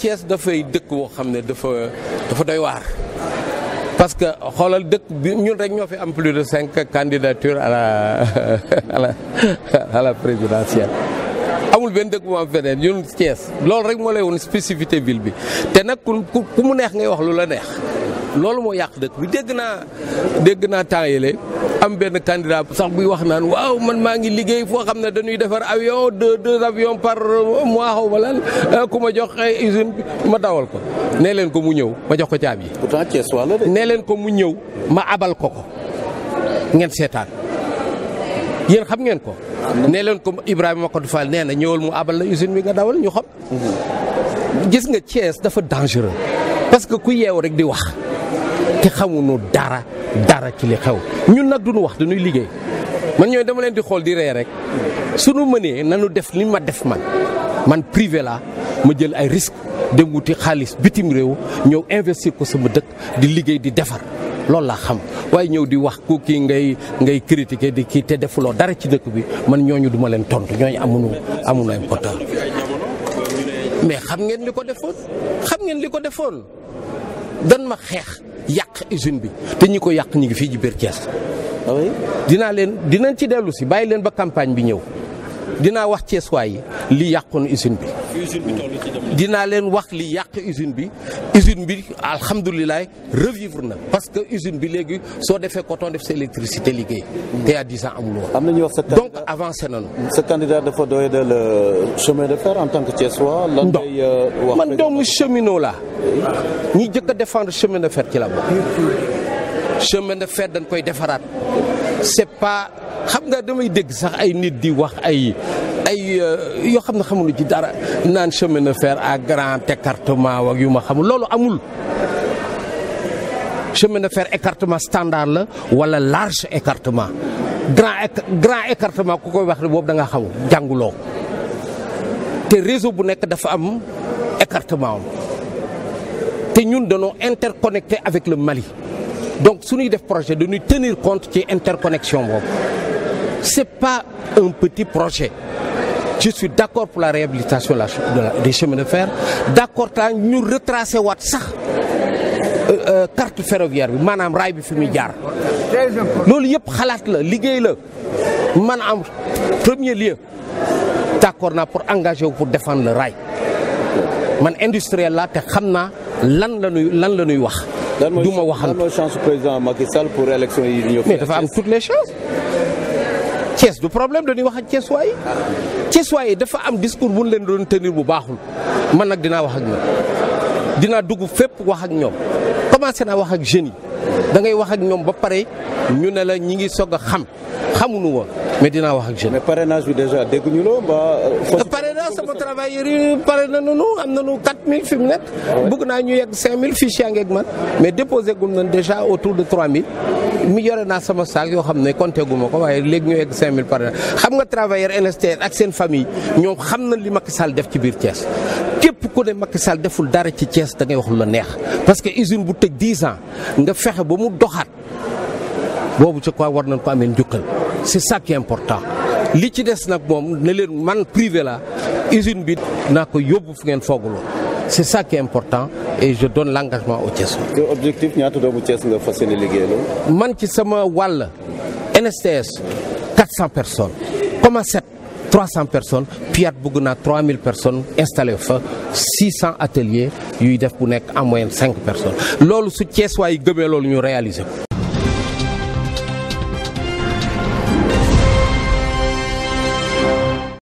Thiès dafay dëkk boo dafa parce que xoolal dëkk plus de cinq candidatures à la à la présidentielle amul benn dëkk bu ñun Thiès spécificité ville bi loolu moo yàq dëkk bi dégg naa dégg naa temps am benn candidat sax buy wax naan waaw man maa ngi liggéey foo xam ne dañuy defar avion deux deux avions par mois xaw ma euh, ku ma jox ay euh, usine ma dawal ko nee leen ko mu ñëw ma jox ko caabi yi. pourtant Thiès la de. nee leen ko mu ñëw ma abal ko ko ngeen seetaan yéen xam ngeen ko. nee leen ko Ibrahima Makodou Fall nee na ñëwal mu abal la usine bi nga dawal ñu xam. Mhm. gis nga Thiès dafa dangereux parce que ku yeew rek di wax. te xamuñu dara dara ci li xew ñun nag duñu wax duñuy liggéey man ñooy dama leen di xool di ree rek su suñu mënee nanu def li ma def man man privé la ma jël ay risque dem wuti xaalis bitim réew ñëw investir ko sama dëkk di liggéey di defar loolu laa xam waaye ñëw di wax ku kii ngay ngay critiquer di kii te defuloo dara ci dëkk bi man ñooñu duma leen tontu ñooñu amuñu amuñu importance mais xam ngeen li ko defoon xam ngeen li ko defoon dan ma xeex yàq usine bi te ñi ko yàq ñu ngi fii ji biir Thiès. Ah dinaa leen dinañ ci dellu si bàyyi leen ba campagne bi ñëw dinaa wax Thiès waay yi li yàqoon usine bi. dina len wax li yàq usine bi usine bi alhamdulilah revivre na parce que usine bi léegi soo defee coton def sa électricité liggéey. té à 10 ans amul ce donc avancé nañu. ce candidat dafa doy de euh, le chemin de fer en tant que Thiessois. lan lay euh, wax man dom cheminot la ñi jëkk défendre chemin de fer ci la chemin de fer dañ koy défarat c'est pas xam nga damay dégg sax ay nit di wax ay. Il euh, yoo a ne dara chemin de fer à grand écartement ak yu ma xamul loolu amul. chemin de fer écartement standard ou wala large écartement grand grand écartement ku koy wax ne boobu da nga xaw jànguloo te réseau bu nekk dafa am écartement Nous te ñun avec le Mali donc suñuy def projet tenir compte ci interconnexion Ce c'est pas un petit projet je suis d'accord pour la réhabilitation de la, des chemins de fer d'accord taa ñu retracé waat sax euh, euh, carte ferroviaire Manam rail, raay bi fi muy jaar loolu yëpp xalaat la liggéey la premier lieu d'accord n'a pour engager ou pour défendre le rail man industriel là, te xam lan la ñuy lan la ñuy wax. chance président Macky Sall pour élection yi ñëw. mais dafa toutes les choses. Thiès du problème dañuy wax ak Thiès waaye Thiès dafa am discours bu leen doon tenir bu baaxul man nag dinaa wax ak ñoom dinaa dugg fépp wax ak ñoom commencé naa wax ak jeunes yi da ngay wax ak ñoom ba pare ñu ne la ñi ngi sog a xam. xamuñu wa mais dina wax ak jeune. mais parrainage bi déjà dégguñu lo ba euh, euh, parrainage sama travail yi pare na nu am nañu 4000 fi nek nekk. bëgg naa ñu yegg 5000 fiches yaa ngi ak man mais déposé gum nañ déjà autour de 3000. mi yoré naa sama saak yoo xam ne compté gu ko waaye léegi ñu yegg 5000 parrainage xam nga travailleur NSTR ak seen famille ñoom xam nañ li Macky Sall def ci biir Thiès. képp ku ne Macky Sall deful dara ci Thiès da ngay wax lu neex parce que usine bu tëj 10 ans nga fexe ba mu doxaat boobu ci quoi war nañ ko amee njukkal c'est ça qui est important li ci dess nak ne man privé la usine bi fu ngeen c'est ça qui est important et je donne l'engagement au TSO. objectif est de faire nga fas yéene man ci sama wall, NSTS 400 personnes Comment c'est 300 personnes Pierre bëgg 3000 personnes installé 600 ateliers Il def bu en moyenne 5 personnes loolu su Thiès waay gëmee ñu réaliser